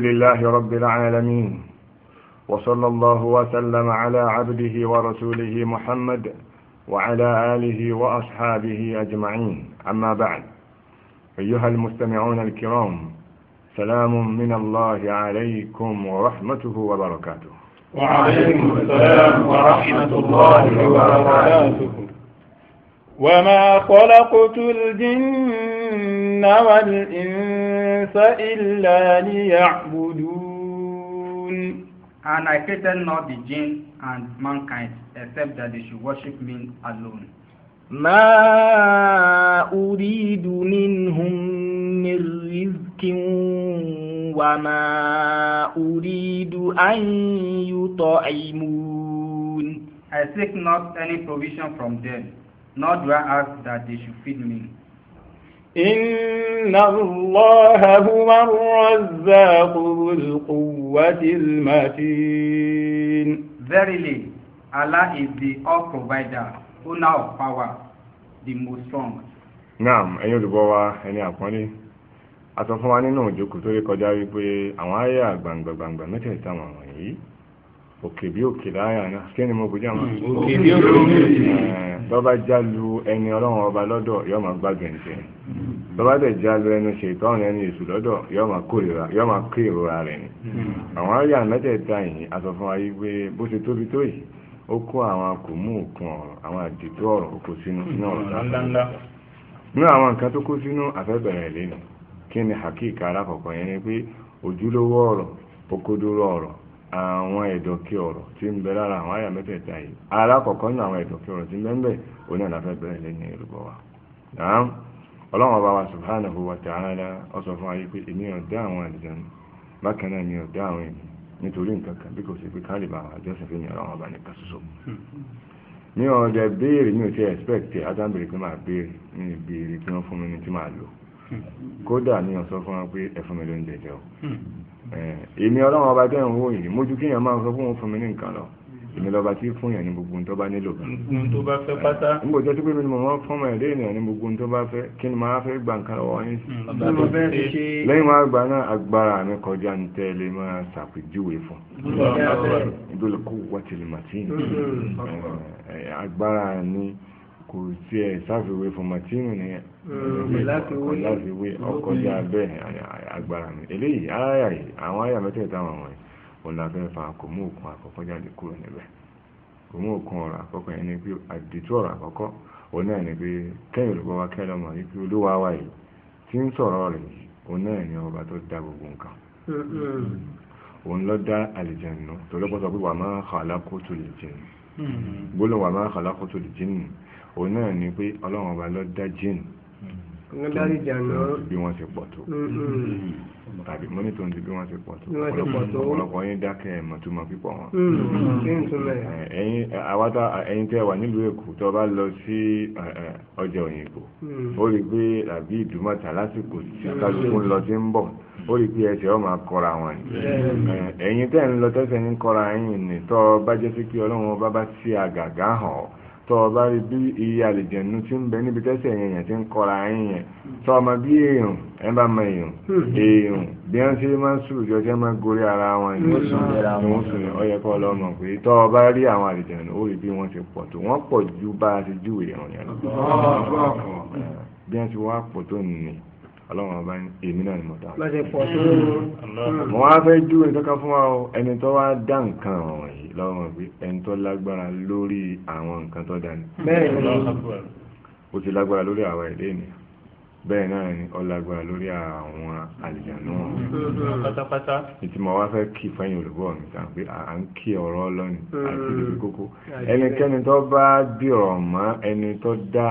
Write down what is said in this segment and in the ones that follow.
لله رب العالمين وصلى الله وسلم على عبده ورسوله محمد وعلى آله وأصحابه أجمعين أما بعد أيها المستمعون الكرام سلام من الله عليكم ورحمته وبركاته وعليكم السلام ورحمة الله وبركاته وما خلقت الجن والإنس إلا ليعبدون And I created not the jinn and mankind except that they should worship me alone. ما أريد منهم من رزق وما أريد أن يطعمون I seek not any provision from them, nor do I ask that they should feed me. إِنَّ اللَّهَ هُوَ الرزاق ذو القوة المتين Verily, Allah is the all-provider, owner of power, the most strong. Naam, ẹ̀yin olùgbọ́ wa, ẹni àpọ́nlé. A sọ fún wa nínú ìjókòó tó rí kọjá wípé àwọn àyà gbàǹgbàǹgbà mẹ́tẹ̀ẹ̀ta wọ̀nyí òkè bí òkè láyà na kí ni mo kò jẹ́ àwọn. òkè bí òkè bọ́bá jálu ẹni ọlọ́run ọba lọ́dọ̀ yọ ma gbàgbé ǹjẹ́ bọ́bá dẹ̀ jálu ẹni ṣètọ́run ẹni èṣù lọ́dọ̀ yóò máa kó ìrora rẹ̀ ni. àwọn yìí aṣọ fún wa yìí pé bó ṣe tóbi tó yìí ó kó àwọn akùnmú òkun ọ̀rọ̀ àwọn àdìtú ọ̀rọ̀ sínú ọ̀rọ̀ nínú àwọn nǹkan tó àwọn ẹ̀dọ̀kẹ́ ọ̀rọ̀ tí ń bẹ lára àwọn àyà mẹ́tẹ̀ẹ̀ta yìí alákọ̀ọ́kọ́ nínú àwọn ẹ̀dọ̀kẹ́ ọ̀rọ̀ tí ń bẹ ń bẹ òun náà bẹ̀rẹ̀ lẹ́yìn ìrúbọ wa. ọlọ́run ọba wa subhanahu wa ta'ala ọ sọ fún ayé pé èmi ọ̀dá àwọn bákan náà mi ọ̀dá àwọn ènìyàn nítorí nǹkan kan bí kò sí pé bá ọba nìkan ṣoṣo kódà ni ọ̀sọ́ fún wọn pé ẹ̀fún mi ló ń jẹjẹ o hmm. eh, èmi ọlọ́run ọba tẹ́ ń wò yìí mójú kíyàn máa sọ fún òun fún mi ní nǹkan lọ èmi lọ́ba tí fún yàn ní gbogbo tó bá nílò kan. tó bá fẹ́ eh, pátá. n kò jẹ́ sí pé mi ni mo máa fún ọmọ ẹ̀dẹ́ ènìyàn ní gbogbo tó bá fẹ́ kí ni máa fẹ́ gbà nǹkan lọ́wọ́ yín sí. Hmm, lẹ́yìn wá gbà náà agbára mi kọjá ń tẹ́ máa ṣàpèjúwe fún. ìdólè eh, kó wá tìlìmọ̀tì hmm, agbára kò tí ẹ̀ sáfiwé fún martinu ní mm, láfiwé ọkọjá mm. bẹ́ẹ̀ agbára mi eléyìí aráyà yìí àwọn àyà mẹ́tẹ̀ẹ̀ta wọn wọ̀nyí ọ̀làfẹ́fà kò mú òkun àkọ́kọ́ jáde kúrò níbẹ̀ kò mú òkun ọ̀rọ̀ àkọ́kọ́ ẹni pé àdìtú ọ̀rọ̀ àkọ́kọ́ òun náà ni pé kẹ́yìn olùgbọ́ wa kẹ́ lọ́mọ yìí pé olúwa wa yìí tí ń sọ̀rọ̀ rẹ̀ yìí òun náà ni ọba tó dá gbogbo nǹkan mm-hmm. òun ló dá àlìjẹ̀nù tó lọ́pọ̀ sọ pé wà máa kàlákó tó lè jẹ̀nù gbólóhùn wà máa kàlákó tó lè jẹ̀nù òun náà ni pé ọlọ́run ọba ló dá jinn bí wọ́n ti pọ̀ tó mm-hmm. tàbí mo ní tòun ti bí wọ́n ti pọ̀ tó ọ̀pọ̀lọpọ̀ yín dákẹ́ ẹ̀mọ̀túmọ̀ pípọ̀ wọn. Mm-hmm. ẹ̀yin tẹ́ wà nílùú èkó tó bá lọ sí ọjà òyìnbó mm. ó rí i pé àbí ìdúmọ̀tà lásìkò tí mm. lọ sí ń bọ̀ ó rí pé ẹsẹ̀ ọ̀ máa wọn ni. Mm. ẹ̀yin tẹ́ ń lọ tẹ́sẹ̀ ń kọra yín ni tọ́ bá jẹ́ sí pé ọlọ́run bá bá sí àgàgà hàn ọ́ tọ́ ọ bá rí bí iye àlìjẹ̀nu tí ń bẹ níbi tẹ́sẹ̀ yẹn yẹn ti ń kọ́ra yín yẹn tọ́ ọmọ bí èèyàn ẹ bá mọ èèyàn hmm. èèyàn bí wọ́n ṣe máa ń sùn jọ jẹ́ máa gorí ara wọn ni wọ́n sùn ní ọyẹ kọ́ lọ́mọ pé tọ́ ọ bá rí àwọn àlìjẹ̀nu ó rí bí wọ́n ṣe pọ̀ tó wọ́n pọ̀ ju bá a ti júwèé wọn yẹn lọ bí wọ́n ti wá pọ̀ tó nìyẹn ọlọ́run ọba èmi náà ni mo dá. mo wá fẹ́ ju ìtọ́ka fún wa o ẹni tó wá dá nǹkan ọ̀hún yìí lọ́wọ́ pé ẹni tó lágbára lórí àwọn nǹkan tó dání. bẹ́ẹ̀ ni ó ti lágbára lórí àwa ẹ̀dẹ́ ènìyàn bẹ́ẹ̀ náà ni ó lágbára lórí àwọn àlìjànú ọ̀hún. pátápátá. ìtì mo wá fẹ́ kí fẹ́yìn olùgbọ́ mi sàn pé à ń kí ọ̀rọ̀ ọlọ́ni àti mm. ìdìbò kókó ẹnikẹ́ni tó bá dìrọ̀ mọ́ ẹni tó dá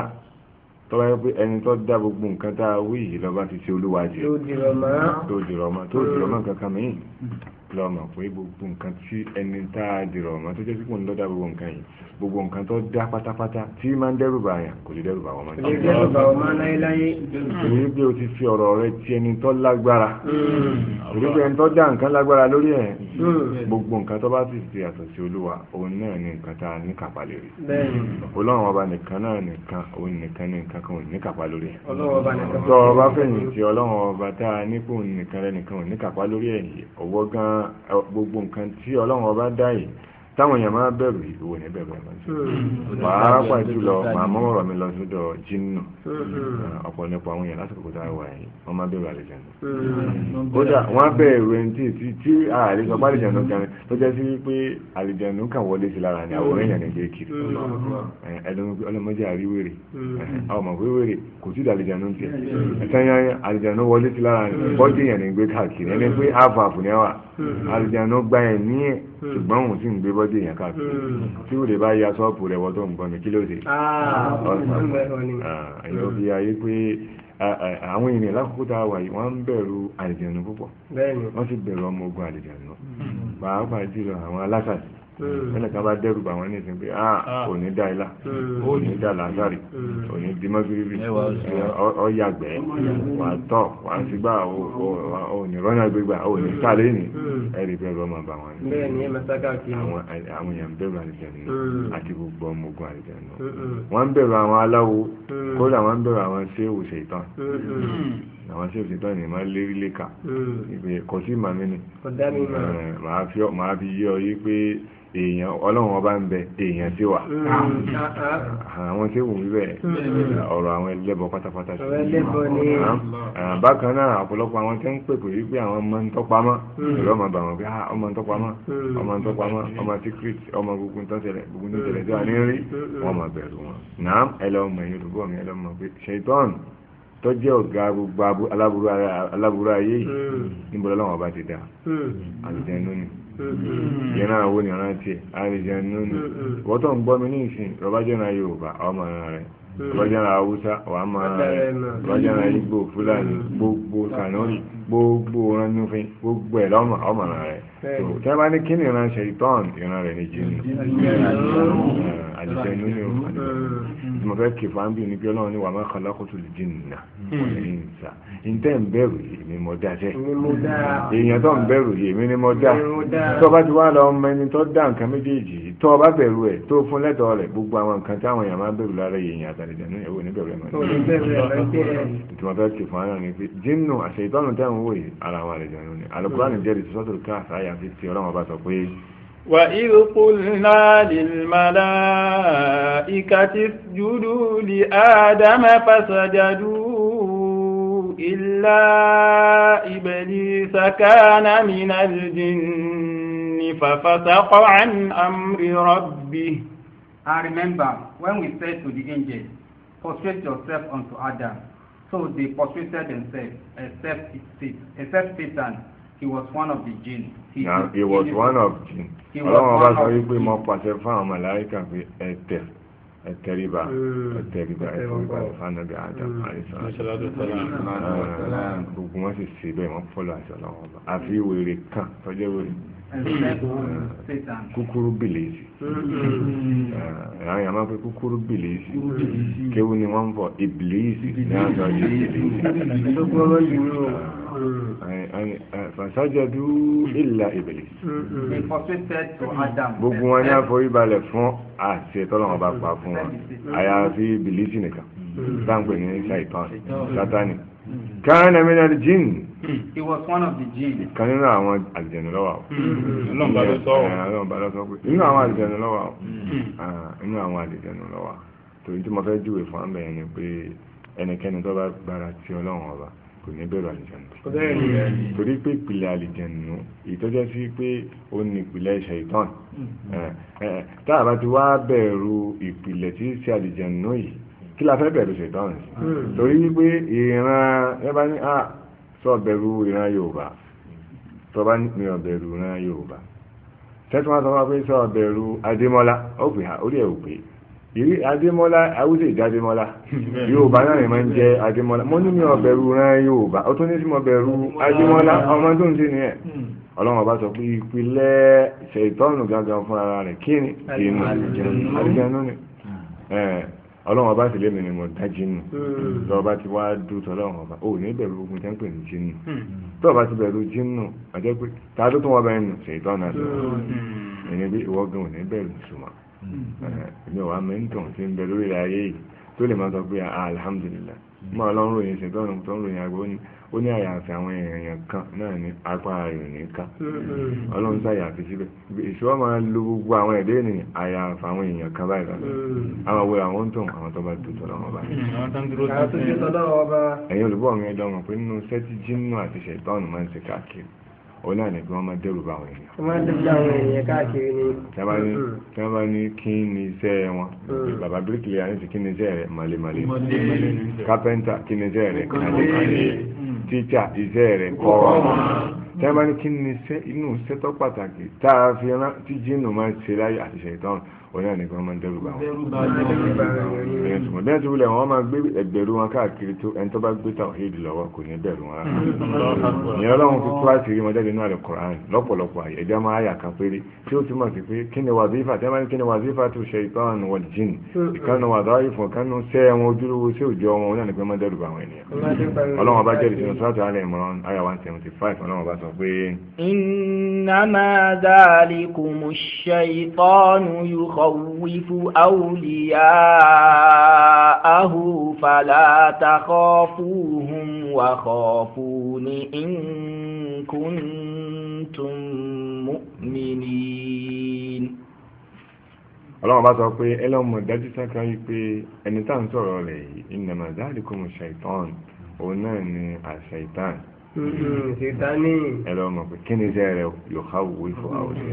tọ́lá yẹ pé ẹni tó dá gbogbo nǹkan tá a wí yìí lọ́ba ti ṣe olúwa jẹ tó dìrọ̀ mọ́ tó dìrọ̀ mọ́ kankan mìíràn lọ mọ̀ pé gbogbo nǹkan tí ẹni tá a dìrọ̀ mọ́ tó jẹ́ sí kò ń lọ́dà gbogbo nǹkan yìí gbogbo nǹkan tó dá pátápátá tí máa ń dẹ́rù bá kò lè dẹ́rù bá wọn kò lè dẹ́rù bá wọn mọ́ torí pé o ti fi ọ̀rọ̀ rẹ ti ẹni tó lágbára torí pé ẹni tó dá nǹkan lágbára lórí ẹ̀ gbogbo nǹkan tó bá sì ti yàtọ̀ sí olúwa òun náà ni nǹkan tá a ní kàpá lórí. ọlọ́run ọba nìkan náà nìkan òun nìkan ní nǹkan kan òun ní kàpá lórí ẹ̀. tọ́ ọba fẹ̀yìntì ọlọ́run ọba tá a ní nìkan rẹ nìkan òun ní kàpá lórí ẹ̀ ọwọ́ gan-an gbogbo nǹkan tí ọlọ́run ọba dá yìí táwọn èèyàn máa bẹ̀rù ìwò ní bẹ̀rù ọ̀nà hmm. pàápàá hmm. jùlọ hmm. màá mọ́ ọ̀rọ̀ mi lọ sódò jinnu ọ̀pọ̀lọpọ̀ àwọn èèyàn lásìkò tá a wà yìí wọ́n máa bẹ̀rù àlejànú. kódà wọ́n á bẹ̀rù ẹni tí tí tí àlejò bá àlejànú kan tó jẹ́ sí pé àlejànú kan wọlé sí lára ni àwòrán èèyàn ní gbé kiri ọlọ́mọdé àríwèrè àwọn ọmọ wéwèrè kò sí àlejànú tiẹ̀ ẹ̀sán ẹ̀ Hmm. ṣùgbọ́n òun sì ń gbé bọ́dì yẹn káàkiri hmm. tí ò lè bá ya ṣọ́ọ̀pù rẹ̀ wọ́n tó ń gbọ́n mi kí ló dé. Ah, ah, ẹ̀yìn ó fi ayé pé àwọn ènìyàn lákòókò tá a wà yìí wọ́n ń bẹ̀rù àlìjẹ̀nu púpọ̀ wọ́n sì bẹ̀rù ọmọ ogun àlìjẹ̀nu hmm. pàápàá jùlọ àwọn alásàtì Hmm. ẹnìkan bá dẹ́rù bà wọ́n ní pé ah, ah. òní dá ilá hmm. òní dá làásàrì hmm. òní di mọ́gíríbì ọ̀yàgbẹ́ wà tọ̀ wà sígbà òní rọ́nà òní sálẹ̀ ní ẹ̀rí bẹ́ẹ̀ bọ́ máa bà wọ́n ní. àwọn èèyàn bẹ̀rù àlìjẹ̀nu àti gbogbo ọmọ ogun àlìjẹ̀nu. wọ́n ń bẹ̀rù àwọn aláwo kódà wọ́n ń bẹ̀rù àwọn séwù ṣètàn àwọn tí ó ti tán ní léka ìpè kọtí màmí ni eh, màá fi yé ọ yí pé èèyàn ọlọ́run ọba ń bẹ èèyàn sí wà mm. ah, ah, àwọn tí wùn bíbẹ̀ mm. ọ̀rọ̀ àwọn ẹlẹ́bọ pátápátá sí ah, bákan náà ọ̀pọ̀lọpọ̀ àwọn tí ń pèpè wípé àwọn ọmọ ń tọ́pamọ́ ìlú mm. ọmọ bà wọn pé ọmọ ń tọ́pamọ́ ọmọ ń tọ́pamọ́ ọmọ secret ọmọ gbogbo tó tẹ̀lẹ̀ gbogbo tó tẹ̀lẹ̀ tó wà ní rí wọn máa bẹ̀rù wọn náà ẹlọ́mọ ẹ̀yìn olùkọ́ mi ẹlọ́mọ pé ṣètọ́n tó jẹ́ ọ̀gá gbogbo aláburú ayé yìí níbo lọ́wọ́ ọba ti dá àlùjẹ́ nínú Mm-hmm. yẹnna awo ni ọ nante alijan nunu wọtọ n gbọ mi ni isin rọbajẹ na yoruba ọmọ rẹ rọbajẹ na awusa wa ma rẹ rọbajẹ igbo fulani gbogbo sanori gbogbo ranufin gbogbo ẹ lọmọ ọmọ rẹ. tí a bá ní kíni ìran ṣe ìtọ́n ìran rẹ̀ ní jìnnì àdìsẹ́ inú ní o tí mo fẹ́ kí fáńbì ní pé ọlọ́run ní wàá máa kọ́lá kótó lè jìnnì hmm. náà ìsà ìtẹ́ ń bẹ̀rù èmi mo dá sẹ́ èèyàn tó ń bẹ̀rù èmi ni mo dá tó bá ti wá lọ ọmọ ẹni tó dá nǹkan méjèèjì tó bá bẹ̀rù ẹ̀ tó fún lẹ́tọ̀ọ́ rẹ̀ gbogbo àwọn nǹkan táwọn èèyàn máa bẹ̀rù lára àti ti ọlọ́run ọba sọ pé. wà ìlú kùnà lìmọ̀lá ìkàtí júdú lì ádámà fàṣàjàdú ìlà ìbẹ̀lì sàkánà mìíràn jìnnì fàfàṣàkọ̀ àn àmì rọ̀bì. And remember, when we said to the angels, prostrate yourself unto Adam, so they prostrated themselves, except, except Satan, he was one of the jinn he was one of jinn ọlọ́run ọba sọ wípé mo pàṣẹ fún àwọn màláìkà pé ẹ̀tẹ̀ ẹ̀tẹ̀ríba ẹ̀tẹ̀ríba ẹ̀fọ́ríba ìfànàbí àdàm àìsàn gbogbo wọn sì ṣe bẹ́ẹ̀ wọ́n fọ́lọ́ àṣẹ ọlọ́run ọba àfi hmm. wèrè kan tọ́jọ́ wèrè hmm. Hmm. Eh, kúkúrú bìlìsì eh, àwọn àmọ́ pé kúkúrú bìlìsì kéwú ni wọ́n ń bọ̀ ìbìlìsì ní àjọ ìbìlìsì fàṣájọdú ìlà ìbílísì. gbogbo wọn ní àforíbalẹ̀ fún àṣẹ tọ́lọ́wọ́n bá pa fún wọn mm-hmm. àyàfi ìbílísì nìkan sáǹpẹ̀ mm-hmm. ní ṣàìtàn sátani. kánà mi náà jìn. he was one of the jinn. kan nínú àwọn àlùjànnú ló wà o. ọlọ́run bá lọ sọ o. Eh, ọlọ́run bá lọ sọ pé nínú àwọn àlùjànnú ló wà o. nínú àwọn àlùjànnú ló wà kò ní bẹ̀rù àlìjẹ̀nù torí pé ìpìlẹ̀ àlìjẹ̀nù ìtọ́jọ́ sí pé ó ní ìpìlẹ̀ ṣàítán hmm. tá a bá ti wá bẹ̀rù ìpìlẹ̀ tí í ṣe àlìjẹ̀nù yìí kí la fẹ́ bẹ̀rù ṣàítán sí hmm. torí pé ìran ẹ bá ní à sọ bẹ̀rù ìran Yorùbá tó bá ní ìran bẹ̀rù ìran Yorùbá tẹ́tí wọn sọ pé sọ bẹ̀rù Adémọ́lá ó pè á orí ẹ̀ ò pè é ìrí adémọ́lá àwùjọ ìdádémọ́lá yorùbá náà ni máa ń jẹ adémọ́lá mo ní mi ò bẹ̀rù rán yorùbá ó tún ní sí mo bẹ̀rù adémọ́lá ọmọ tó ń ṣe nìyẹn ọlọ́run ọba sọ pé ìpìlẹ̀ ṣètọ́nù gangan fún ara rẹ̀ kí ni ìnù àdìjẹnú ni hmm. ọlọ́run ọba sì lémi ni mo dá jinnu lọ́ba hmm. ti wá dùn tọ́lọ́run ọba hmm. ò ní bẹ̀rù ogun tẹ́ ń pè ní jinnu tọ́ba ti bẹ̀rù jinnu àjẹpẹ́ ta ló tún wọ́n bẹ́ẹ̀ nù ṣètọ́nù àti ìwọ́gbìn ò ní bẹ̀rù sùmọ́ èmi ò wá mẹ́ńtọ̀n tí ń bẹ lórí ayé yìí tó lè máa sọ pé ah, alhamdulillah máa lọ ń ròyìn ṣètò ọ̀nà tó ń ròyìn àgbà ó ní àyàfi àwọn èèyàn kan náà ní apá rẹ̀ ní ká ọlọ́run ṣàyàfi síbẹ̀ ìṣọ́ máa lo gbogbo àwọn ẹ̀dẹ́ ènìyàn àyàfi àwọn èèyàn kan báyìí lọ́dọ̀ àwọn wo àwọn ń tàn àwọn tó bá tó tọ́ lọ́wọ́ báyìí. ẹ̀yin olùbọ̀ mi ẹ̀dọ́ mọ̀ pé nínú sẹ́tí jínú àti ṣẹ̀tọ́ọ̀nù máa ń ṣe káàkiri òun náà kí wọ́n máa dẹ́rù bá àwọn èèyàn. máa dẹ́rù bá àwọn káàkiri ni. Mm. tí wọ́n bá ní kí ni iṣẹ́ wọn mm. bàbá bíríkìlì àní ti kí ni iṣẹ́ rẹ̀ màlemàle kápẹ́ńtà kí ni iṣẹ́ rẹ̀ kàlẹ́kàlẹ́ tíṣà iṣẹ́ rẹ̀ kọ́ ọ́ tí a bá ní kí ni inú sẹ́tọ́ pàtàkì tá a fi rán tí jíìnù máa ń ṣe láyé àti ṣètọ́nù òun náà nìkan máa ń dẹ́rù bá wọn. ẹ̀yìn tùmọ̀ bẹ́ẹ̀ tí wọn máa gbé ẹgbẹ̀rú wọn káàkiri tó ẹni tó bá gbé tàwíìdì lọ́wọ́ kò ní bẹ̀rù wọn. ìyẹn ọlọ́run fi tó àṣírí wọn jáde nínú Al-Qur'an lọ́pọ̀lọpọ̀ àyè ẹja máa yà kan péré tí ó túmọ̀ sí pé kí ni wàzífà tí wọ́n ní kí ni wàzífà tó ṣe ìtọ́hàn wọ يخوف أولياءه فلا تخافوهم وخافون إن كنتم مؤمنين ọlọ́run bá sọ pé ẹlọ́mọ dájú sáká wípé ẹni tá à ń sọ̀rọ̀ rẹ̀ yìí ìnàmà dáàdìkùn ṣàìtàn òun náà ni àṣàìtàn mm-hmm. ẹlọ́mọ pé kí ni iṣẹ́ rẹ̀ yóò káwọ́ wífọ́ àwòrán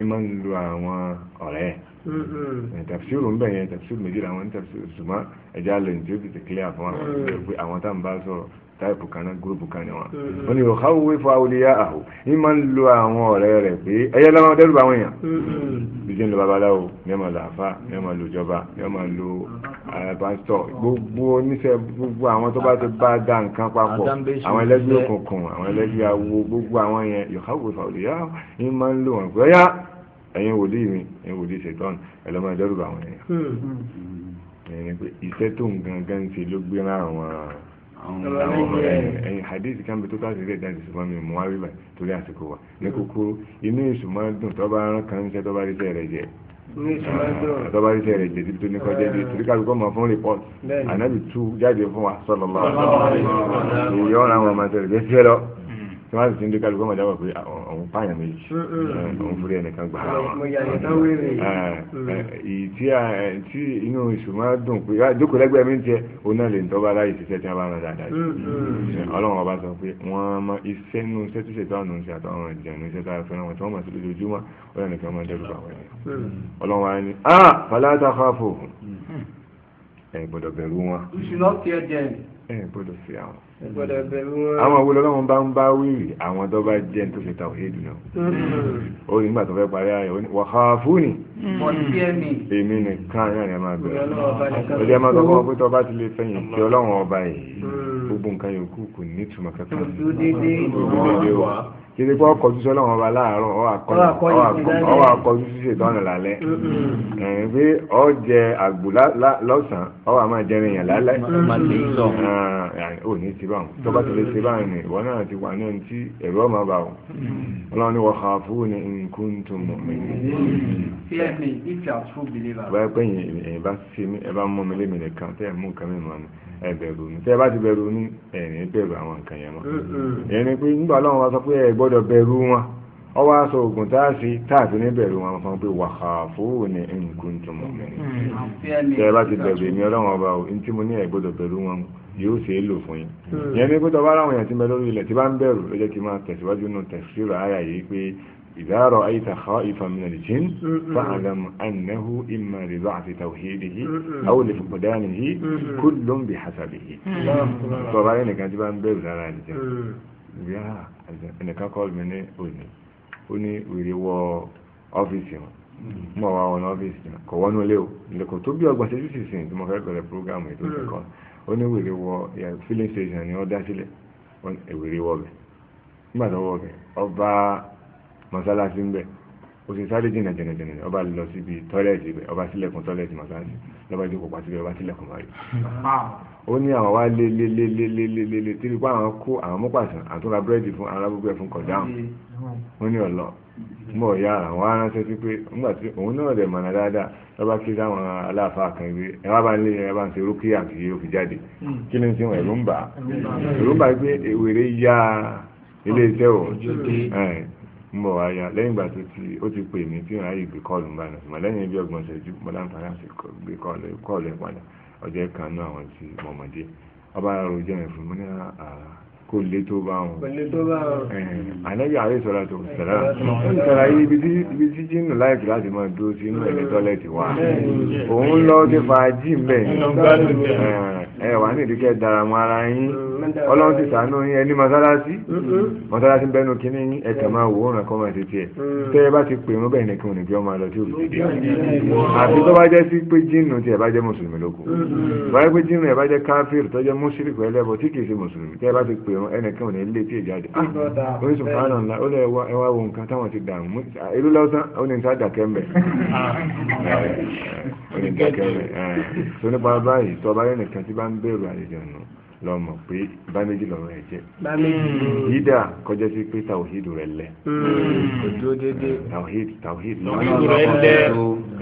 ìmọ̀ ń lo àwọn ọ̀rẹ́ mm-hmm. tafsiru ń bẹ̀yẹn tafsiru méjìlá àwọn tafsiru ṣùgbọ́n ẹ̀já lẹ́yìn tí ó ti ti clear fún àwọn ọ̀rẹ́ mm. pé bá sọ̀rọ̀ táìpù kan náà gúrùpù kan ni wọn. Mm-hmm. ó ní òkà wíwé fún awolíyá àhò ní máa ń lo àwọn ọ̀rẹ́ rẹ̀ pé ẹyẹ lọ́wọ́ dẹ́rù bá wọn yàn. Mm-hmm. bíjẹ́ ń lo babaláwo ní ọmọ làáfà ní ọmọ lo ìjọba ní ọmọ lo pásítọ̀ eh, gbogbo oníṣẹ́ gbogbo àwọn tó bá ti bá da nǹkan papọ̀ àwọn ẹlẹ́gbẹ́ òkùnkùn àwọn ẹlẹ́gbẹ́ mm-hmm. awo gbogbo àwọn yẹn òkà wíwé fún awolíyá àhò ní máa ń lo wọn pé ẹ̀yin wòlíì mi ẹ̀yin wòlíì ṣètọ́nù ẹ̀ ẹ̀dẹ́rù bá wọn yẹn. ẹ̀yin tó ń gangan ṣe ló gbé wọn ẹ̀yìn hadith kan bí tó káàsì rẹ̀ dáhùn ṣùgbọ́n mi mú wárí báyìí torí àsìkò wa ní kúkúrú inú èṣù máa ń dùn tọ́ba rán kan ṣẹ́ tọ́ba rí sẹ́rẹ̀ jẹ́ tọ́ba rí sẹ́rẹ̀ jẹ́ títí tó ní kọjá bí torí káàbí kọ́ mọ̀ fún report ànábì tú jáde fún wa sallallahu alaihi wasallam ìyọ́ra wọn máa tẹ̀lé jẹ́ sí ẹ lọ tí wọ́n ti ń dúkàlù kọ́ mọ̀jábọ̀ pé òun pààyàn méjì mm, mm. òun fúri ẹnìkan gbà mm. tí inú ìṣù máa dùn pé jókòó lẹ́gbẹ̀ẹ́ mi ń tiẹ̀ lè ń tọ́ba láyé ṣiṣẹ́ tí a bá ń rán dáadáa yìí ọlọ́run ọba sọ pé wọ́n mọ iṣẹ́ nù iṣẹ́ tí ṣètò àánú ṣe àtàwọn ìjẹun ní iṣẹ́ tá a fẹ́ràn wọn tí wọ́n mọ̀ sí lójoojúmọ́ ọlọ́run ẹ̀ gbọ́dọ̀ sí àwọn. àwọn àwọn olóòrùn bá ń bá wíìrì àwọn tó bá jẹ́ tó ṣe tàwọn èdè náà. Mm. ó ní nígbà tó fẹ́ parí ayọ̀ wà á fún ni. èmi nìkan náà ni a máa bẹ̀rẹ̀. ó jẹ́ máa tọ́kọ́ pé tó bá ti lè fẹ̀yìn tí ọlọ́run ọba yìí mm. gbogbo nǹkan yòókù kò ní ìtumọ̀ kankan kìrì pé ọkọ̀ ṣiṣẹ́ náà wọn bá láàárọ̀ ọwọ́ akọ́jú ṣiṣẹ́ tọ́nà lálẹ́ ẹ̀yìn pé ọ jẹ àgbò lọ́sàn-án ọwọ́ àmọ́ jẹrin èèyàn lálẹ́ ò ní ti báwọn tó bá ti lè ṣe báyìí ni ìwọ náà ti wà ní ẹni tí ẹ̀rọ ọmọ bá wọn ọlọ́run ni wọ́n kà fún ní nǹkan tó mọ̀ mí. báyìí pé ẹ̀yìn bá ṣe mí ẹ bá mú mi lémi nìkan tẹ́ ẹ̀ mú nǹkan mi mọ́ ni ẹ ni, mi tẹ́ bá ti bẹ̀rù ni ẹ̀rìn bẹ̀rù àwọn nǹkan yẹn mọ́ ẹ̀rìn pé nígbà ọlọ́run wa sọ pé ẹ gbọ́dọ̀ bẹ̀rù wọn ọ wá sọ ògùn tá a sí tá a fi ní bẹ̀rù wọn fún pé wàhálàfó ni nǹkan tó mọ̀ mí. tẹ́ bá ti bẹ̀rù èmi ọlọ́run ọba o ntí mo ní ẹ gbọ́dọ̀ bẹ̀rù wọn yóò ṣe é lò fún yín. Mm-hmm. yẹn ní pé tọ́ bá láwọn èèyàn ti mẹ lórí ilẹ̀ tí bá ń bẹ̀rù ló jẹ́ kí n máa tẹ̀síwájú nù tẹ̀síwájú إذا رأيت خائفا من الجن فاعلم أنه إما لضعف توحيده أو لفقدانه كل بحسبه طبعا أنا كانت بقى مبيب لنا الجن يا أنا كان قول مني أولي أولي ويري و أوفيسي mo wà wọn ọ́fíìsì kò wọnú ilé o ìlẹ̀kùn tó bí ọgbọ̀n ṣẹ́jú sísìn tí mo fẹ́ bẹ̀rẹ̀ púrógámù ètò ìkọ́ ó ní wèrè wọ filling station ni wọ́n dá sílẹ̀ wèrè wọ bẹ̀ nígbà tó wọ bẹ̀ ọba mọ́sálásí ń bẹ̀ o sì sáré jìnnà jìnnà jìnnà ọba lọ síbi tọ́lẹ̀tì bẹ̀ ọba sílẹ̀kùn tọ́lẹ̀tì mọ́sálásí lọ́ba ìjókòó pa síbẹ̀ ọba sílẹ̀kùn báyìí. ó ní àwọn wá lé lé lé lé lé lé lé lé tí wípé àwọn kó àwọn mú pàṣán àtúnra búrẹ́dì fún ara gbogbo ẹ̀ fún kọ̀dáhùn ó ní ọ̀lọ́ mọ̀ ọ̀yá àwọn aránṣẹ́ sí pé nígbà tí òun náà dẹ̀ mọ̀nà dáadáa lọ́ba kí sáwọn aláàfáà kan gbé ẹ wá bá ń lé ẹ bá ń ṣe rúkìá kì í ó jáde kí ni tí wọn ẹ̀rú ń bà ẹ̀rú ń bà pé èwèrè ya ilé iṣẹ́ o ń bọ̀ wá ya lẹ́yìn ìgbà tó ti pè mí tí ìrìn àyè kọ́ọ̀lù ń bá náà ṣùgbọ́n lẹ́yìn ibi ọgbọ̀n ṣẹ́jú mọ́láǹfààní àti gbé kọ́ọ̀lù ẹ̀ padà ọjọ́ kan náà àwọn ti mọ̀mọ́dé ọba àròjọ ẹ̀ fún mi ní kò lè tó bá wọn. kò lè tó bá wọn. ibi àárẹ̀ ibi láìpẹ́ láti máa dúró sí inú tọ́lẹ̀tì wa òun lọ́ọ́ fa wà ọlọ́run ti sànú yín ẹni mọ́sálásí mọ́sálásí bẹ́nu kínní yín ẹ̀kà máa wò ó ràn kọ́ máa ti tiẹ̀ mm. tẹ́ ẹ bá ti pè mú bẹ́ẹ̀ nìkan ò ní bí ọmọ lọ tí ò fi dìde àti tó bá jẹ́ sí pé jíìnù tí ẹ bá jẹ́ mùsùlùmí lóko bá yẹ pé jíìnù ẹ bá jẹ́ káfíìrì tó jẹ́ mùsùlùmí pẹ̀lú ẹbọ tí kìí ṣe mùsùlùmí tẹ́ bá ti pè mú ẹnìkan ò ní ah, ní sáà ah. ah. tí bá lọ mọ̀ pé bá méjì lọ́rọ̀ ẹ̀ jẹ́ hmm. yídà kọjá sí pé tàwíìdù rẹ̀ lẹ̀ tàwíìdù hmm. eh, tàwíìdù rẹ̀ lẹ̀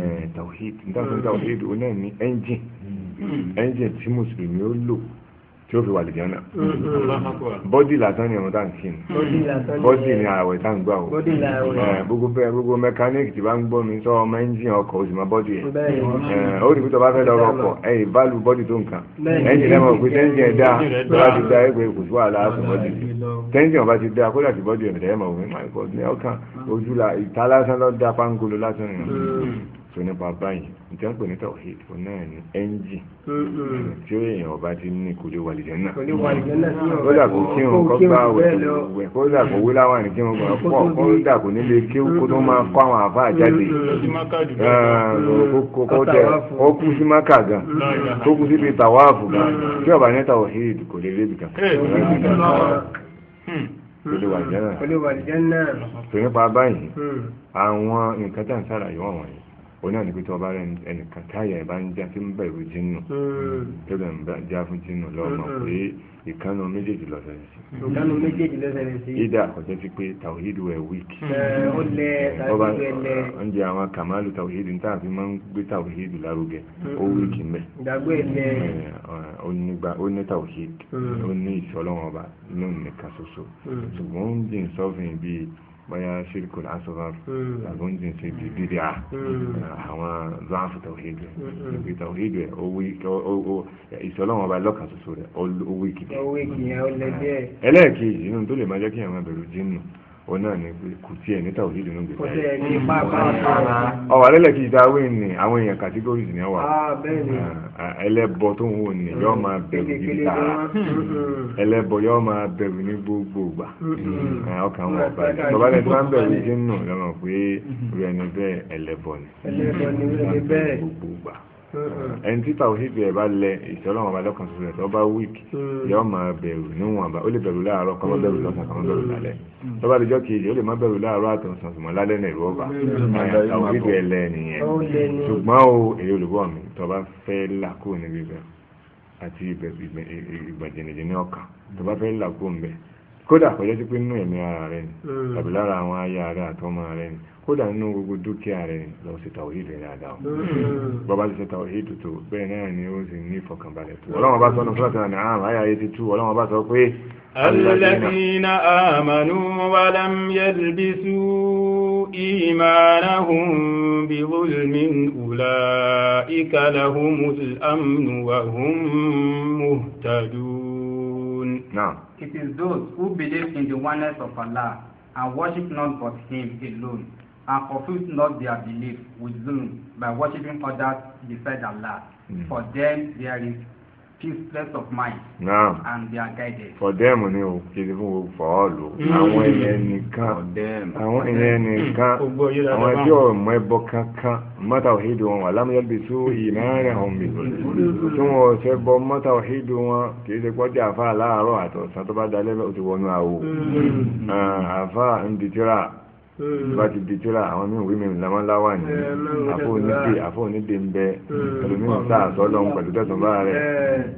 eh, tàwíìdù nígbà tó tàwíìdù ó tí mùsùlùmí ó lò tí ó fi wà lìjọ́nà mm-hmm. bọ́dì lásán ni ọ̀run tá n kí ni bọ́dì ni àwẹ̀ tá n gbà o eh, gbogbo bẹ́ẹ̀ gbogbo mẹkáníìkì tí bá ń gbọ́ mi sọ ọmọ ẹ́ńjìn ọkọ̀ o sì mọ bọ́dì ẹ̀ eh, ó rí pípẹ́ bá fẹ́ lọ́rọ̀ ọkọ̀ ẹ̀yìn báàlù bọ́dì tó nǹkan ẹ̀ńjìn lẹ́mọ̀ pé tẹ́ńjìn ẹ̀ dáa tó bá ti da ẹgbẹ́ kò sí wàhálà fún bọ́dì tẹ́ńjìn ọba ti da kó dàtí bọ́dì ẹ̀ tó nípa báyìí tí wọ́n pè ní tawhid tó náà ní ẹ́ńjì mm-hmm. tí ó èèyàn ọba ti ní kò lè wàlìjẹ́ náà ó dàbò kí wọn kọ́ bá wẹ̀ kó dàbò wí láwọn àrùn kí wọn gbà pọ̀ kó dàbò nílé kí kó tó máa mm-hmm. kọ́ àwọn àbá àjáde mm-hmm. ah, kó tẹ ó kú sí maka gan kó kú síbi tàwáàfù gan tí ọba ní tawhid kò lè lébi kankan olùwàjẹ́ náà tó nípa báyìí hmm. àwọn nǹkan tá à ń sára yìí wọ̀nyí òun náà ní pé tí wọ́n bá rẹ ẹnìkan táyà ẹ̀ bá ń já sí ń bẹ̀rù jínú hmm. tẹ́lẹ̀ ń bá já fún jínú lọ́mọ hmm. pé ìkànnà méjèèjì lọ́sẹ̀ sí. ìkànnà méjèèjì lọ́sẹ̀ sí. ìdá àkọ́jọ́ sí pé tàwíìdù ẹ̀ wíìkì. Hmm. ó lẹ tàwíìdù ẹ lẹ. oúnjẹ àwọn kàmáàlù tàwíìdù níta àfi máa ń gbé tàwíìdù lárugẹ ó wíìkì mẹ́. ìdàgbé lẹ. ó ní tàwíìdù ó ní ìsọlọ́wọ́n bóyá ṣírkùn asọ́fàr àbúnjìn ṣe bí bídí à hmm. àwọn záàfù tàwíìdì ìbí tàwíìdì rẹ̀ hmm, hmm. ìṣọ́lọ́wọ́n ọba lọ́kàn ṣoṣo rẹ̀ ó wíkì. ẹlẹ́ẹ̀kejì inú tó lè máa jẹ́ kí àwọn abẹ̀rù jínù òun náà ni pé kò tiẹ̀ ní tàwùjì dùnú gbèsè ayé ọwọ́ alẹ́lẹ̀ kì í da awé ni àwọn èèyàn categories ni wà ah, ah, ah, ẹlẹ́bọ tó ń wò ni mm-hmm. yọ́ máa bẹ̀rù gidi tààrà mm-hmm. ẹlẹ́bọ yọ́ máa bẹ̀rù ní gbogbo mm-hmm. ọkàn wọn ọba ni bàbá rẹ̀ tó máa bẹ̀rù jẹ́ nù lọ́mọ pé rẹ̀ ni bẹ́ẹ̀ ẹlẹ́bọ ni gbogbo ìgbà ẹni tí tàwíìdì ẹ̀ bá lẹ ìṣọ́lọ́wọ́n ọba lọ́kàn tuntun rẹ̀ tó bá wíìk yóò máa bẹ̀rù níwọ̀n bá ó lè bẹ̀rù láàárọ̀ kọ́ mọ́ bẹ̀rù lọ́sàn kọ́ mọ́ bẹ̀rù lálẹ́ tó bá dijọ́ kejì ó lè má bẹ̀rù láàárọ̀ àtọ̀sán sùmọ́ lálẹ́ ní ìlú ọba tàwíìdì ẹ̀ lẹ nìyẹn ṣùgbọ́n o èrè olùkọ́ mi tó bá fẹ́ là kúrò níbi ibẹ̀ àti ìgbẹ̀jìnìjìnì ọkàn tó bá fẹ́ là kúrò níbẹ̀ kódà kò jẹ́ sí pé nínú ẹ̀mí ara rẹ ni hmm. tàbí lára àwọn aya rẹ àtọmọ rẹ ni kódà nínú gbogbo dúkìá rẹ lọ sí tàwíì rẹ dáadáa hmm. bọ́bá ti ṣe tàwíì tó tó bẹ́ẹ̀ náà ni ó sì ní ìfọkànbalẹ̀ tó hmm. ọlọ́wọ́n bá sọ ní fúlàtà ní àmà ayà ayé ti tú ọlọ́wọ́n bá sọ pé. الذين آمنوا ولم يلبسوا إيمانهم بظلم أولئك لهم الأمن وهم مهتدون Now, it is those who believe in the oneness of Allah and worship not but Him alone, and fulfill not their belief with zulm by worshiping others besides Allah. Mm. For them, there is peace of mind. Now, and they are guided. For them ni o kiri fún mm. for all o. Àwọn ẹyẹ mm. nìkan. Mm. Àwọn ẹyẹ nìkan. Àwọn ẹjọ́ ọmọ ẹbọ kankan. Mọ́tà òhìdù wọn wà lámúyọ́ bí tó ìmọ̀ràn ọ̀hún mi. Tí wọ́n ṣe bọ mọ́tà òhìdù wọn kì í ṣe pọ́jà àfa láàárọ̀ àtọ̀sán tó bá dalẹ́ ó ti wọnú àwo. Ah, àfa ń di tíra. Hmm. bá ti di tíra àwọn míì wí mìíràn lámá láwà ní àfọ̀nídé àfọ̀nídé ń bẹ ẹlòmíràn tá àsọ́lọ́ pẹ̀lú tẹ̀sán bá rẹ̀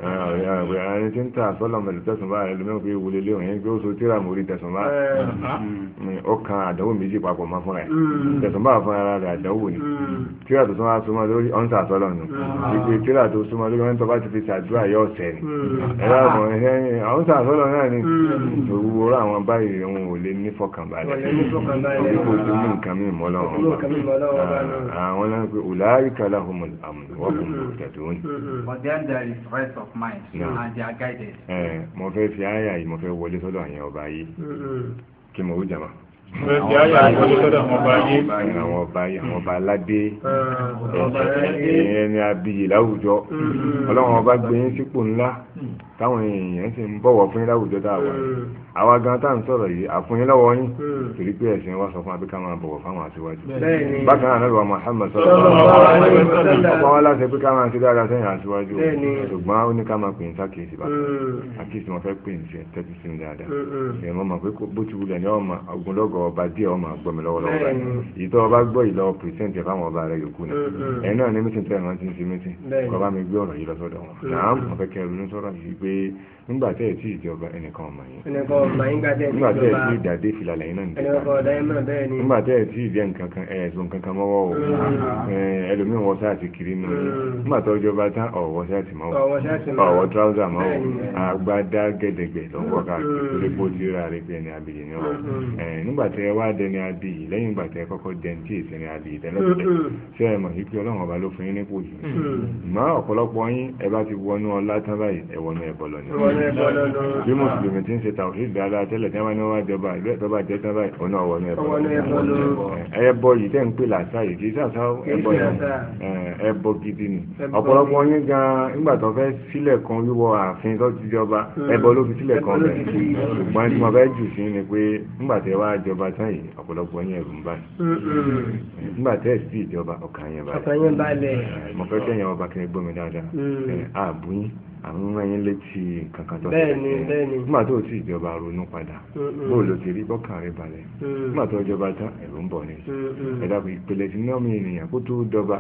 ẹni eh. tí ń tà àsọ́lọ́ pẹ̀lú tẹ̀sán bá rẹ̀ ẹlòmíràn fi wulẹ̀ lé òyìn pé ó so tíra mórí tẹ̀sán bá eh. hmm. ó kan àdánwò méjì papọ̀ mọ́ fúnra ẹ̀ hmm. tẹ̀sán bá fún ara rẹ̀ àdánwò ni tíra tó súnmọ́ súnmọ́ lórí ọ̀n tà àsọ́lọ́ nù ìpè ah. tíra tó súnmọ́ lórí ọ̀n tó bá ti fi ṣàdúrà yọ ọ̀sẹ̀ ni ẹ̀rọ àwọn ọ̀n tà àsọ́lọ́ náà ni òwúrọ̀ àwọn báyìí wọn ò lè ní fọkànbalẹ̀ dípò tí mú nǹkan mi mọ́ lọ́wọ́ ah, ah, àwọn náà pé ulaika lahumul amn wa hum mm-hmm. muhtadun. Mm-hmm. but then there is rest of mind and they are guided. Eh, mo fẹ́ fi àyà yìí mo fẹ́ wọlé sọ́dọ̀ àyàn ọba yìí mm-hmm. kí mo jẹ́ ma àwọn ọba yìí àwọn ọba aládé ẹ̀yẹn ah, abiyè láwùjọ ọlọ́run ọba gbé yín sípò ńlá táwọn èèyàn sì ń bọ̀wọ̀ fún yín láwùjọ tá a mm. àwa gan tá à ń sọ̀rọ̀ yìí àfúnyín lọ́wọ́ yín mm. torí pé ẹ̀sìn wa sọ fún abíkà máa bọ̀wọ̀ fáwọn aṣíwájú bákan náà lọ́wọ́ Muhammad sọ̀rọ̀ ọ̀pọ̀ wa láti pé ká máa ṣe dáadáa sẹ́yìn aṣíwájú ṣùgbọ́n ó ní ká máa pè ní sákèsì bá àkíyèsí wọn fẹ́ pè ní ṣe tẹ́tí sí dáadáa èèyàn mm, mọ̀ pé bó ti wulẹ̀ ní ọmọ ogunlọ́gọ̀ ọba díẹ̀ ọmọ gbọmi lọ́wọ́lọ́wọ́ yìí tó ọba gbọ́ ìlọ pìrìsẹ́ǹtì fáwọn ọba rẹ̀ yòókù náà ẹ̀ náà ní mítìn tẹ́lẹ̀ wọn ti ń ṣe mítìn kọ́ bá mi gbé ọ̀rọ̀ yìí lọ sọ́dọ̀ wọn náà yìí pé nígbà tẹ́ ẹ̀ tí ìjọba ẹnìkan ọmọ yẹn nígbà tẹ́ ẹ̀ tí ìdàdé fìlà lẹ́yìn náà nìkan nígbà tẹ́ ẹ̀ tí ìjẹ́ nǹkan kan ẹ̀ẹ́dùn kankan mọ́wọ́ o mm. ẹlòmíràn wọ́n sáà ti kiri nù mm. nígbà tó ìjọba tán ọ̀wọ́ sáà ti mọ́wọ́ ọ̀wọ́ tíráùsà mọ́wọ́ agbádá gẹ́dẹ̀gbẹ̀ lọ́wọ́ káàkiri bó mm. ti ra rẹ̀ pé ẹni abiyì ni ọ̀ mm-hmm. nígbà tẹ́ ẹ wá dẹni abiyì lẹ́yìn ìgbà tẹ́ ẹ kọ́kọ́ dẹni tí èsì ni abiyì tẹ́lẹ̀ mm-hmm. ṣe ẹ mọ̀ yìí pé ọlọ́run ọba ló fún yín nípò yìí mọ́ mm-hmm. ọ̀pọ̀lọpọ̀ yín ẹ̀wọ̀n náà ẹ̀bọ̀ lọ́nà bí mùsùlùmí ti ń ṣe tàwùsí ìgbà ara tẹ́lẹ̀ tí wọ́n ní wọ́n jọba ìlú ẹ̀tọ́ bá jẹ́ tán báyìí ọ̀nà ọ̀wọ̀n náà ẹ̀bọ̀ lọ́nà ẹ̀bọ yìí tẹ́ ń pè làṣà yìí kì í ṣàṣà ẹ̀bọ ẹ̀bọ gidi ni ọ̀pọ̀lọpọ̀ yín gan nígbà tó fẹ́ sílẹ̀ kan wíwọ ààfin tó ti jọba hmm. ẹ̀bọ ló fi sílẹ̀ kan bẹ̀ ṣùgbọ́n tí mo fẹ́ jù sí ni pé nígbà tẹ́ wá jọba tán yìí ọ̀pọ̀lọpọ̀ yín ẹ̀rù ń báyìí hmm, hmm. nígbà tẹ́ sí ìjọba ọkàn yẹn balẹ̀ mo fẹ́ kẹ́yìn ọba kí n gbọ́ mi dáadáa ààbò yín àwọn ọmọ yẹn létí kankan tó ṣẹlẹ̀ nígbà tó ti ìjọba ronú padà bóòlù ló ti rí bọ́kàn rẹ balẹ̀ nígbà tó ìjọba tán ẹ̀rù ń bọ̀ ní ẹ̀dá ìpìlẹ̀ tí náà mi ènìyàn kó tó dọba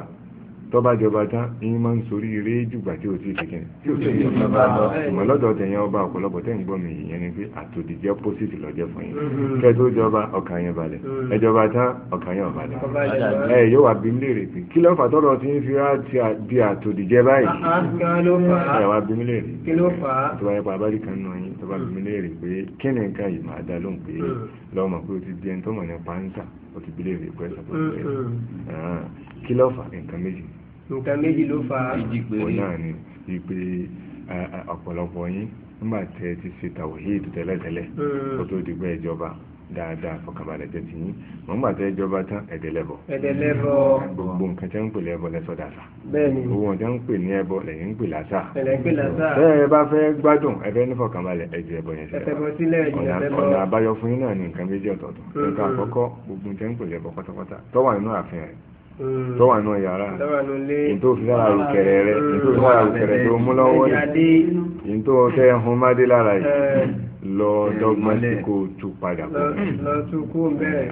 tọ́ba jọba tán ní máa ń sorí eré jùgbà tí o ti ṣe kíni tí o ti ṣe kíni ìmọ̀ lọ́dọ̀ tẹ̀yìn ọba ọ̀pọ̀lọpọ̀ tẹ̀ ń gbọ́ mi ìyẹn ni pé àtòdì jẹ́ pósìtì lọ́jẹ́ fún yín mm-hmm. kẹ́ tó jọba ọkàn yẹn balẹ̀ ẹ jọba tán ọkàn yẹn ọ̀balẹ̀ ẹ yóò wá bí mi léèrè pé kí ló fà tọ́lọ́ tí ń fi rá di àtòdì báyìí ah, ah, ẹ wá bí mi léèrè tó bí mi léèrè kí ni nǹkan yìí máa dá lóhùn mm. tó mọ̀ nípa nǹkan méjì ló fa òun náà ni ìpè ọ̀pọ̀lọpọ̀ yín nígbà tẹ ti ṣe tàwíìdì tẹ́lẹ̀tẹ́lẹ̀ hmm. kó tó di pé ìjọba dáadáa fọkànbalẹ̀ jẹ́ ti yín mọ̀ nígbà tẹ́ ìjọba tán ẹ̀dẹ̀ lẹ́bọ̀. ẹ̀dẹ̀ lẹ́bọ̀. gbogbo nǹkan tẹ́ ń pè lẹ́bọ̀ lẹ́sọ̀ dàsà. bẹ́ẹ̀ni. gbogbo nǹkan tẹ́ ń pè ní ẹbọ lẹ́yìn ń pè lásà. ẹ̀dẹ̀ ń pè lásà. tẹ́ ẹ bá fẹ́ gbádùn ẹ fẹ́ ní fọkànbalẹ̀ ẹ̀jẹ̀ ẹbọ yẹn sílẹ̀. ẹ̀fẹ̀bọ sílẹ̀ ẹ̀jẹ̀ ẹbọ. ọ̀nà àbáyọ fún yín náà ni nǹkan méjì ọ̀tọ̀ọ̀tọ̀. nǹkan hmm. àkọ́kọ́ gbogbo nǹkan Mm. tó wà nù yàrá ètò fi lára òkèrè rẹ ètò fi lára òkèrè tó mú lọ́wọ́ yìí ètò tẹ ẹhùn má lára yìí lọ dọ́gbọ́n tí kò tú padà kó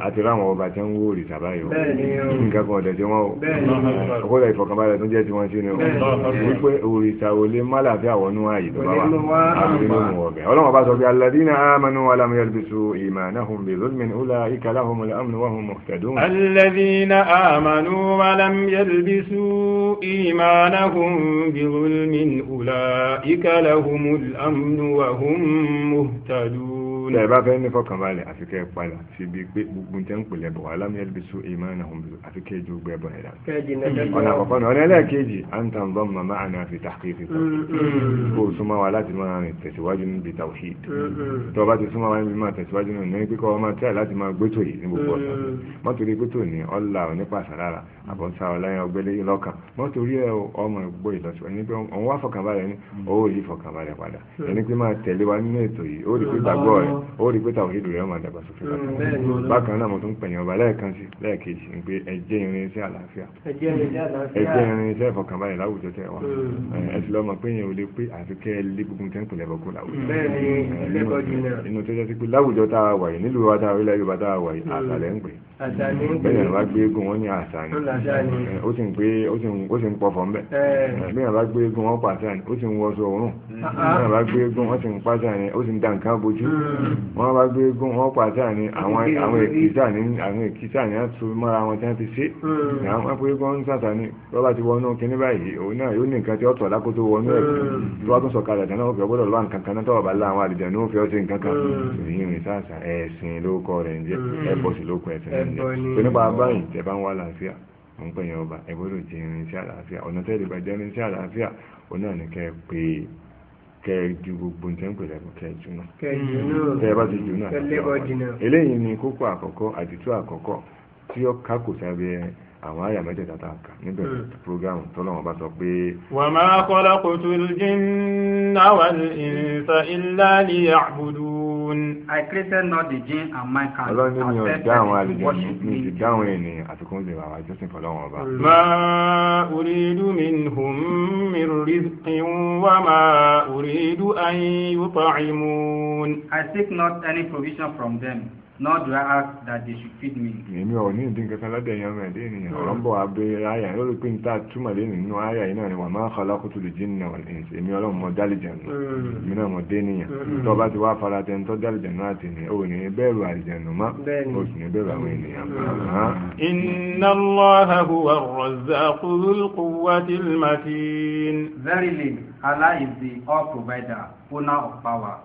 àti láwọn ọba tí ń wó òrìṣà báyìí nǹkan kan ọ̀dẹ̀ tí wọ́n ò ọkọ̀lẹ̀ ìfọ̀kànbalẹ̀ tó jẹ́ tiwọn sí ni wípé òrìṣà ò lè má làáfíà tó bá wà àti nínú ọ̀bẹ̀ ọlọ́wọ́n bá sọ pé alladhina amanu wa lam yalbisu imanahum bi zulmin ulaika lahumul amnu wa hum muhtadun. alladhina amanu wa lam yalbisu imanahum bi zulmin ulaika lahumul amnu wa hum تهتدون tẹ̀ bá fẹ́ ní fọkànbalẹ̀ àfi kẹ́ padà síbi pé gbogbo tẹ́ ń pèlẹ̀ bọ̀ alámi ẹ̀lbi sún ìmáàna hùn bìlú àfi kẹ́ ju gbẹ bọ̀ ẹ̀dá. ọ̀nà àkọ́kọ́ náà ọ̀nà ẹlẹ́ẹ̀kejì à ń tàn bọ́ màmá àná fi tàkìrì mm, mm. kó o súnmọ́ wa láti máa rìn tẹ̀síwájú níbi tawhid mm, tó o bá ti súnmọ́ wa níbi máa tẹ̀síwájú náà ní pípọ́ ọmọ tẹ́ láti máa gbẹ́tò yìí ní gbogbo ọ̀sán mọ́tò rí gbẹ́tò ní ọ̀la onípàṣẹ lára àbọ̀nsá ọ̀láyàn ọgbẹ́lẹ́ lọ́kàn mọ́tò rí ọmọ ìgbó ìlọsíwájú ní pé òun wá fọkànbalẹ̀ ní owó yìí fọkànbalẹ̀ padà ẹni pé máa tẹ̀lé wa nínú ètò yìí ó rí pé gbàgbọ́ rẹ̀ ó rí pé tàwọn ìdúró ọmọ àdàgbà sókè mm, bákan náà mo tún pẹ̀yìn ọba lẹ́ẹ̀kan sí lẹ́ẹ̀kejì ń pé ẹjẹ́ irinṣẹ́ àlàáfíà ẹjẹ́ irinṣẹ́ ìfọkànbalẹ̀ láwùjọ tẹ̀ wá mm. ẹ sì lọ́mọ pé yẹn ò lè pé àfi kẹ́ ẹ lé gbogbo tẹ́ ń pèlè bọ́kú láwùjọ mm, inú tó jẹ́ sí pé láwùjọ tá a wà yìí nílùú wa tá a orílẹ̀ Yorùbá tá a wà yìí àṣàlẹ̀ ń pè bẹ́ẹ̀ ni wàá gbé egun wọn ní àṣà ni ó sì ń pé ó sì ń pọ̀fọ̀ ń bẹ̀ bẹ́ẹ̀ ni gbé egun wọn pàṣà ni ó sì ń wọṣọ òórùn bẹ́ẹ̀ ni wàá gbé egun wọn sì ń pàṣà ni ó sì ń da nǹkan bójú wọ́n bá gbé gún wọ́n pàtà ní àwọn èkìtà ní àwọn èkìtà ní àtú mọ́ra wọn tí wọ́n ti ṣe hmm. àwọn pé gún ń sàtà ní lọ́ba ti wọnú kíní báyìí òun náà yóò ní nǹkan tí ó tọ̀ lákòótó wọnú ẹ̀ hmm. tó wá tún sọ̀kalẹ̀ tán náà gbọ́dọ̀ lọ́wọ́ nǹkan kan tó ọ̀bà láwọn àlejò ní òfin ọ̀sẹ̀ nǹkan kan hmm. èyí rìn sáàsà ẹ̀sìn ló kọ rẹ̀ ń jẹ́ ẹ̀bọ̀ sí ló kọ ẹ̀sìn rẹ̀ ń jẹ́ tó nípa báyìí tẹ̀ bá ń wá làáfíà ń pè yẹn ọba ẹ̀gbọ́dọ̀ jẹ́ irin sí àlàáfíà ọ̀nà tẹ́lẹ̀ bá jẹ́ irin sí àlàáfíà òun náà ní kẹ́ pé kẹjú gbogbo nǹkan pẹ̀lú ẹ̀kọ́ kẹjú náà kẹjú hmm. bá ti jù náà eléyìí ni kókó àkọ́kọ́ àdìtú àkọ́kọ́ tí ó kákò sábẹ́ àwọn àyà mẹ́tẹ̀ẹ̀ta tá a kà níbẹ̀ hmm. programu tọ́lọ́wọ́n bá sọ pé. wa ma khalaqtul jinna wal insa illa liya'budun. I created not the jinn and mankind. Ọlọ́run ní mi ò dá àwọn àlejò mi ti dá àwọn ènìyàn àti kún lè àwọn àjọsìn fọlọ́wọ́n ọba. Mà uridu minhum min rizqin wa ma uridu an yut'imun. I seek not any provision from them nor do I ask that they should feed me. èmi ò ní ìdí nǹkan lọ́dọ̀ èèyàn mẹ́rin dé ènìyàn ọ̀rọ̀ ń bọ̀ abẹ́ àyà lórí pé níta túmọ̀ lé nínú àyà yìí náà ni wa ma khalaqtu al-jinna wal-insa èmi ọlọ́run mọ dálìjànù hmm. èmi náà mọ dé ènìyàn hmm. tó bá ti wá fara tẹni tó dálìjànù àti ni ò ní bẹ̀rù àlìjànù mọ́ o sì ní bẹ̀rù àwọn ènìyàn. Hmm. inna Allaha huwa ar-razzaqu dhul-quwwati Allah is the all-provider owner of power.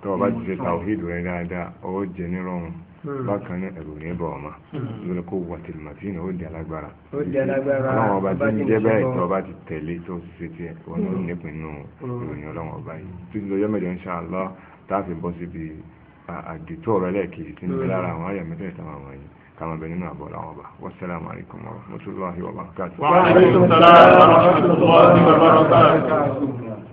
Hmm. bákan náà ẹ̀rù ní bọ̀ ọ̀ma hmm. lórí kó wà tìlù màtínà ó di alágbára ọlọ́wọ́n ọba tí ń jẹ́ bẹ́ẹ̀ tó ọba ti tẹ̀lé tó ṣe tiẹ̀ wọn ló hmm. nípìn nù ìròyìn ọlọ́wọ́n ọba títí lọ́jọ́ mẹ́jọ ń ṣàlọ́ tá a fi bọ́ síbi àdìtú ọ̀rọ̀ ẹlẹ́ẹ̀kejì tí ń lára àwọn àyà mẹ́tẹ̀ẹ̀ta àwọn yìí kama bẹ nínú àbọ̀ làwọn ọba wasalaamu alaykum